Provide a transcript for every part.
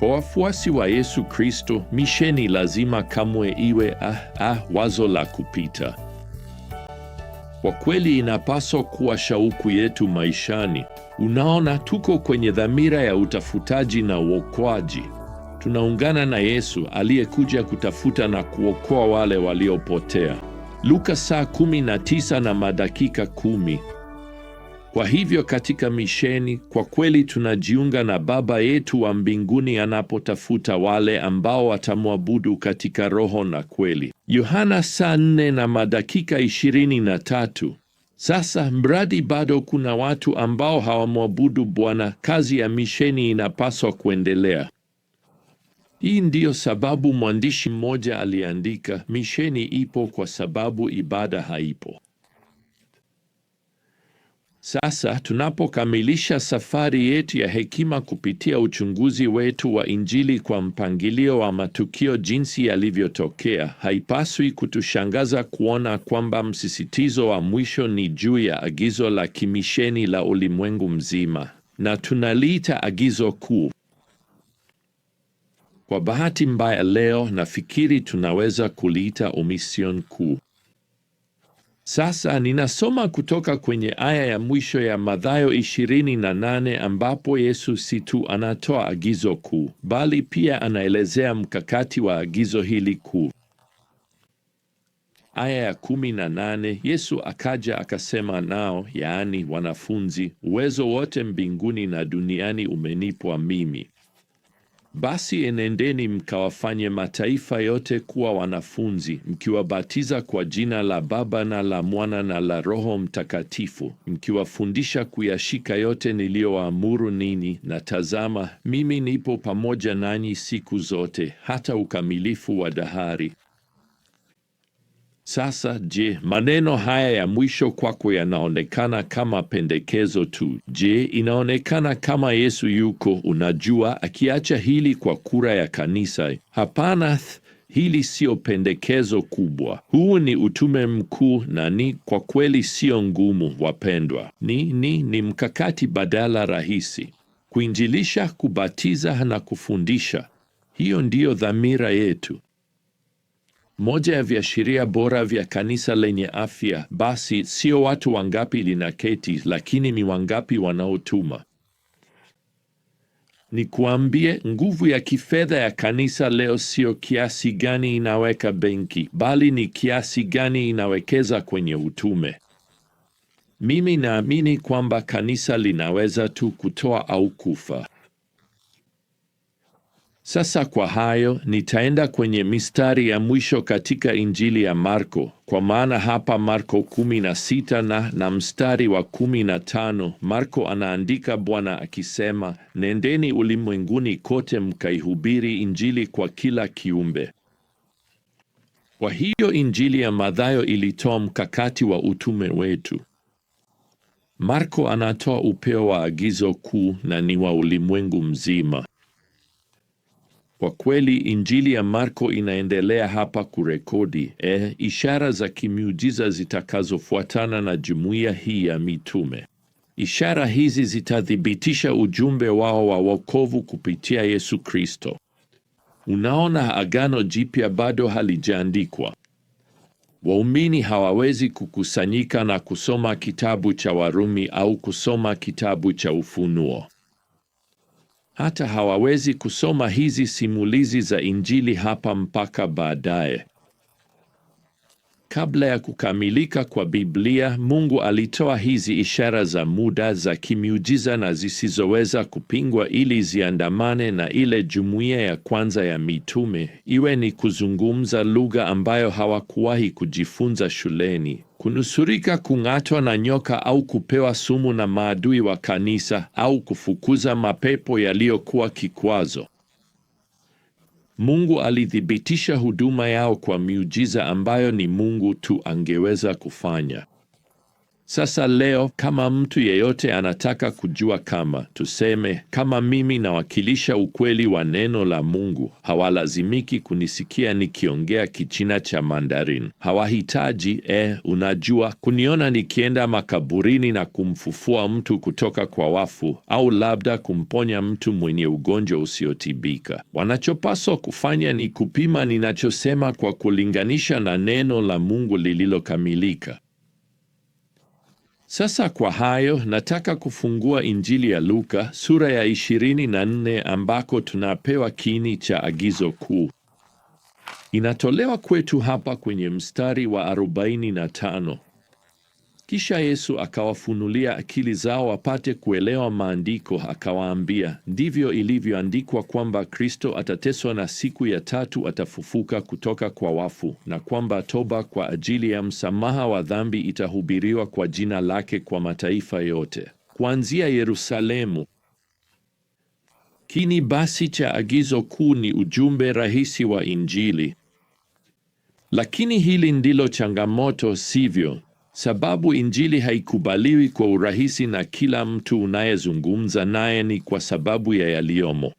Kwa wafuasi wa Yesu Kristo, misheni lazima kamwe iwe ah, ah, wazo la kupita. Kwa kweli inapaswa kuwa shauku yetu maishani. Unaona, tuko kwenye dhamira ya utafutaji na uokoaji. Tunaungana na Yesu aliyekuja kutafuta na kuokoa wale waliopotea. Luka saa 19 na madakika 10. Kwa hivyo katika misheni kwa kweli tunajiunga na Baba yetu wa mbinguni anapotafuta wale ambao watamwabudu katika roho na kweli. Yohana saa nne na madakika ishirini na tatu. Sasa mradi bado kuna watu ambao hawamwabudu Bwana, kazi ya misheni inapaswa kuendelea. Hii ndiyo sababu mwandishi mmoja aliandika, misheni ipo kwa sababu ibada haipo. Sasa tunapokamilisha safari yetu ya hekima kupitia uchunguzi wetu wa Injili kwa mpangilio wa matukio jinsi yalivyotokea, haipaswi kutushangaza kuona kwamba msisitizo wa mwisho ni juu ya agizo la kimisheni la ulimwengu mzima, na tunaliita agizo kuu. Kwa bahati mbaya, leo nafikiri tunaweza kuliita umision kuu. Sasa ninasoma kutoka kwenye aya ya mwisho ya Mathayo ishirini na nane ambapo Yesu si tu anatoa agizo kuu, bali pia anaelezea mkakati wa agizo hili kuu. Aya ya kumi na nane Yesu akaja akasema nao, yaani wanafunzi, uwezo wote mbinguni na duniani umenipwa mimi. Basi enendeni mkawafanye mataifa yote kuwa wanafunzi, mkiwabatiza kwa jina la Baba na la Mwana na la Roho Mtakatifu, mkiwafundisha kuyashika yote niliyowaamuru ninyi, na tazama, mimi nipo pamoja nanyi siku zote hata ukamilifu wa dahari. Sasa je, maneno haya ya mwisho kwako yanaonekana kama pendekezo tu? Je, inaonekana kama Yesu yuko, unajua, akiacha hili kwa kura ya kanisa? Hapana. Hili siyo pendekezo kubwa. Huu ni utume mkuu, na ni kwa kweli sio ngumu, wapendwa. Ni ni ni mkakati badala rahisi: kuinjilisha, kubatiza na kufundisha. Hiyo ndiyo dhamira yetu. Moja ya viashiria bora vya kanisa lenye afya basi sio watu wangapi linaketi, lakini ni wangapi wanaotuma. Nikuambie, nguvu ya kifedha ya kanisa leo sio kiasi gani inaweka benki, bali ni kiasi gani inawekeza kwenye utume. Mimi naamini kwamba kanisa linaweza tu kutoa au kufa. Sasa kwa hayo nitaenda kwenye mistari ya mwisho katika Injili ya Marko, kwa maana hapa Marko 16 na na mstari wa 15, Marko anaandika Bwana akisema, nendeni ulimwenguni kote mkaihubiri Injili kwa kila kiumbe. Kwa hiyo Injili ya Mathayo ilitoa mkakati wa utume wetu. Marko anatoa upeo wa agizo kuu na ni wa ulimwengu mzima. Kwa kweli Injili ya Marko inaendelea hapa kurekodi eh, ishara za kimiujiza zitakazofuatana na jumuiya hii ya mitume. Ishara hizi zitathibitisha ujumbe wao wa wokovu kupitia Yesu Kristo. Unaona, Agano Jipya bado halijaandikwa. Waumini hawawezi kukusanyika na kusoma kitabu cha Warumi au kusoma kitabu cha Ufunuo hata hawawezi kusoma hizi simulizi za Injili hapa mpaka baadaye. Kabla ya kukamilika kwa Biblia, Mungu alitoa hizi ishara za muda za kimiujiza na zisizoweza kupingwa ili ziandamane na ile jumuiya ya kwanza ya mitume, iwe ni kuzungumza lugha ambayo hawakuwahi kujifunza shuleni kunusurika kung'atwa na nyoka au kupewa sumu na maadui wa kanisa au kufukuza mapepo yaliyokuwa kikwazo. Mungu alithibitisha huduma yao kwa miujiza ambayo ni Mungu tu angeweza kufanya. Sasa leo kama mtu yeyote anataka kujua kama tuseme, kama mimi nawakilisha ukweli wa neno la Mungu, hawalazimiki kunisikia nikiongea kichina cha Mandarin. Hawahitaji eh, unajua, kuniona nikienda makaburini na kumfufua mtu kutoka kwa wafu, au labda kumponya mtu mwenye ugonjwa usiotibika. Wanachopaswa kufanya ni kupima ninachosema kwa kulinganisha na neno la Mungu lililokamilika. Sasa kwa hayo nataka kufungua Injili ya Luka sura ya 24 ambako tunapewa kini cha agizo kuu. Inatolewa kwetu hapa kwenye mstari wa 45. Kisha Yesu akawafunulia akili zao wapate kuelewa maandiko, akawaambia, ndivyo ilivyoandikwa kwamba Kristo atateswa na siku ya tatu atafufuka kutoka kwa wafu, na kwamba toba kwa ajili ya msamaha wa dhambi itahubiriwa kwa jina lake kwa mataifa yote, kuanzia Yerusalemu. Kini basi cha agizo kuu ni ujumbe rahisi wa Injili. Lakini hili ndilo changamoto, sivyo? Sababu Injili haikubaliwi kwa urahisi na kila mtu unayezungumza naye ni kwa sababu ya yaliyomo.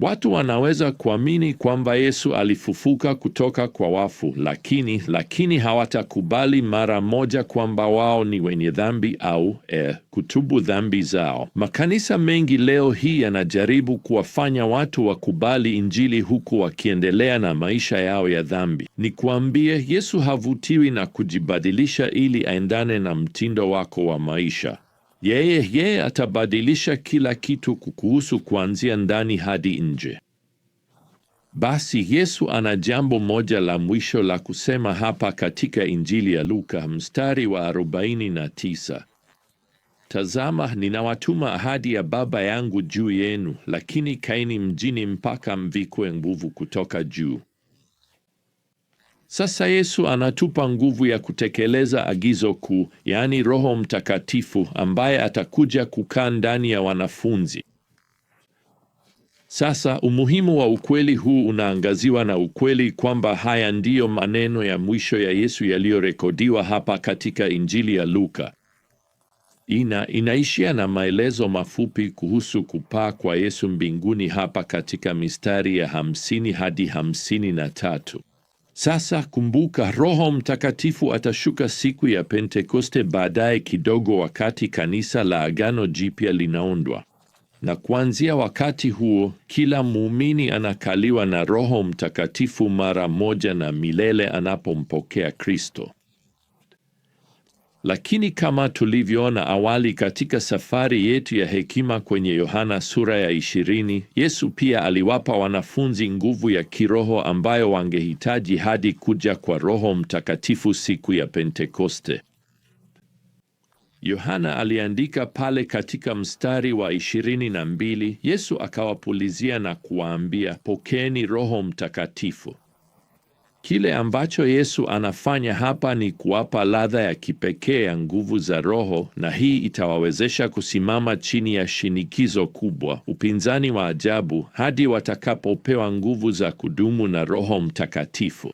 Watu wanaweza kuamini kwamba Yesu alifufuka kutoka kwa wafu, lakini lakini hawatakubali mara moja kwamba wao ni wenye dhambi au eh, kutubu dhambi zao. Makanisa mengi leo hii yanajaribu kuwafanya watu wakubali Injili huku wakiendelea na maisha yao ya dhambi. kuambie Yesu havutiwi na kujibadilisha ili aendane na mtindo wako wa maisha. Yeye atabadilisha kila kitu kukuhusu kuanzia ndani hadi nje. Basi Yesu ana jambo moja la mwisho la kusema hapa katika Injili ya Luka mstari wa 49: Tazama, ninawatuma ahadi ya Baba yangu juu yenu, lakini kaini mjini mpaka mvikwe nguvu kutoka juu. Sasa Yesu anatupa nguvu ya kutekeleza agizo kuu, yaani Roho Mtakatifu ambaye atakuja kukaa ndani ya wanafunzi. Sasa umuhimu wa ukweli huu unaangaziwa na ukweli kwamba haya ndiyo maneno ya mwisho ya Yesu yaliyorekodiwa hapa katika Injili ya Luka. Ina inaishia na maelezo mafupi kuhusu kupaa kwa Yesu mbinguni hapa katika mistari ya hamsini hadi hamsini na tatu. Sasa kumbuka, Roho Mtakatifu atashuka siku ya Pentekoste baadaye kidogo, wakati kanisa la Agano Jipya linaundwa, na kuanzia wakati huo kila muumini anakaliwa na Roho Mtakatifu mara moja na milele anapompokea Kristo. Lakini kama tulivyoona awali katika safari yetu ya hekima kwenye Yohana sura ya ishirini, Yesu pia aliwapa wanafunzi nguvu ya kiroho ambayo wangehitaji hadi kuja kwa Roho Mtakatifu siku ya Pentekoste. Yohana aliandika pale katika mstari wa ishirini na mbili, Yesu akawapulizia na kuwaambia, pokeeni Roho Mtakatifu. Kile ambacho Yesu anafanya hapa ni kuwapa ladha ya kipekee ya nguvu za Roho, na hii itawawezesha kusimama chini ya shinikizo kubwa, upinzani wa ajabu, hadi watakapopewa nguvu za kudumu na Roho Mtakatifu.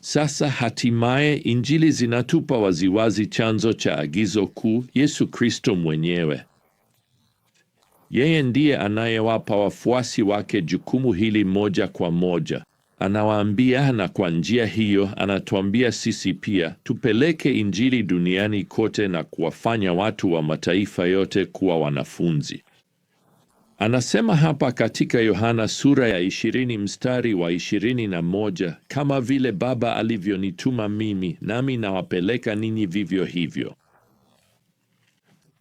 Sasa hatimaye, Injili zinatupa waziwazi chanzo cha agizo kuu, Yesu Kristo mwenyewe. Yeye ndiye anayewapa wafuasi wake jukumu hili moja kwa moja anawaambia, na kwa njia hiyo anatuambia sisi pia tupeleke Injili duniani kote na kuwafanya watu wa mataifa yote kuwa wanafunzi. Anasema hapa katika Yohana sura ya 20 mstari wa 21, kama vile Baba alivyonituma mimi, nami nawapeleka ninyi vivyo hivyo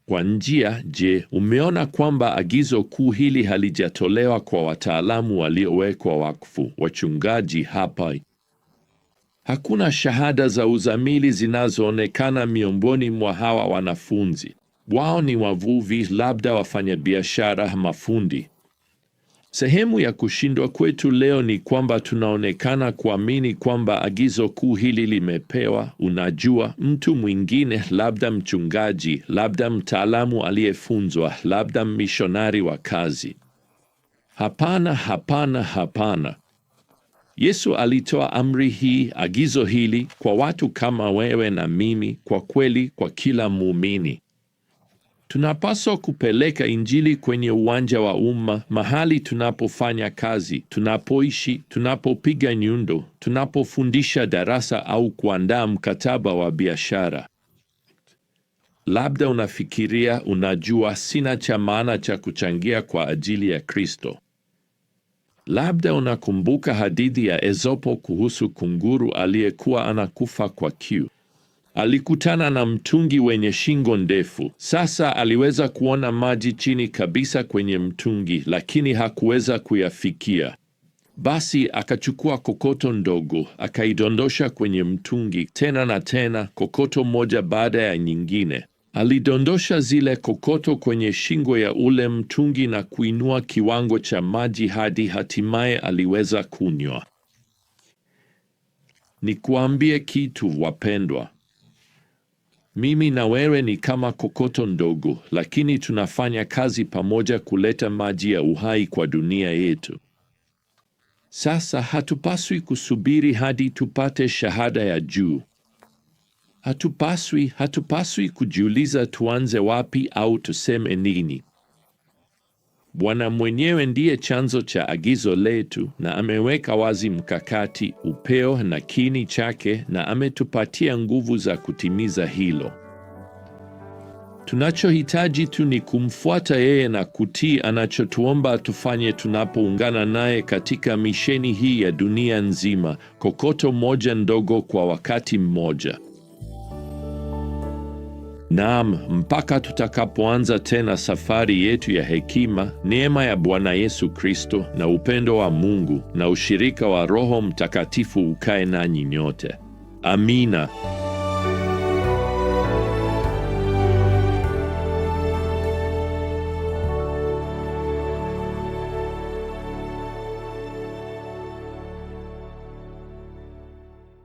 kwa njia. Je, umeona kwamba agizo kuu hili halijatolewa kwa wataalamu waliowekwa wakfu, wachungaji hapa? Hakuna shahada za uzamili zinazoonekana miongoni mwa hawa wanafunzi. Wao ni wavuvi, labda wafanyabiashara, mafundi Sehemu ya kushindwa kwetu leo ni kwamba tunaonekana kuamini kwamba agizo kuu hili limepewa, unajua, mtu mwingine, labda mchungaji, labda mtaalamu aliyefunzwa, labda mishonari wa kazi. Hapana, hapana, hapana. Yesu alitoa amri hii, agizo hili kwa watu kama wewe na mimi, kwa kweli, kwa kila muumini. Tunapaswa kupeleka Injili kwenye uwanja wa umma, mahali tunapofanya kazi, tunapoishi, tunapopiga nyundo, tunapofundisha darasa au kuandaa mkataba wa biashara. Labda unafikiria, unajua, sina cha maana cha kuchangia kwa ajili ya Kristo. Labda unakumbuka hadithi ya ezopo kuhusu kunguru aliyekuwa anakufa kwa kiu. Alikutana na mtungi wenye shingo ndefu. Sasa aliweza kuona maji chini kabisa kwenye mtungi, lakini hakuweza kuyafikia. Basi akachukua kokoto ndogo, akaidondosha kwenye mtungi tena na tena, kokoto moja baada ya nyingine. Alidondosha zile kokoto kwenye shingo ya ule mtungi na kuinua kiwango cha maji hadi hatimaye aliweza kunywa. Nikuambie kitu wapendwa, mimi na wewe ni kama kokoto ndogo, lakini tunafanya kazi pamoja kuleta maji ya uhai kwa dunia yetu. Sasa hatupaswi kusubiri hadi tupate shahada ya juu. Hatupaswi hatupaswi kujiuliza tuanze wapi au tuseme nini. Bwana mwenyewe ndiye chanzo cha agizo letu, na ameweka wazi mkakati, upeo na kini chake, na ametupatia nguvu za kutimiza hilo. Tunachohitaji tu ni kumfuata yeye na kutii anachotuomba tufanye tunapoungana naye katika misheni hii ya dunia nzima, kokoto moja ndogo kwa wakati mmoja. Naam, mpaka tutakapoanza tena safari yetu ya hekima, neema ya Bwana Yesu Kristo na upendo wa Mungu na ushirika wa Roho Mtakatifu ukae nanyi nyote. Amina.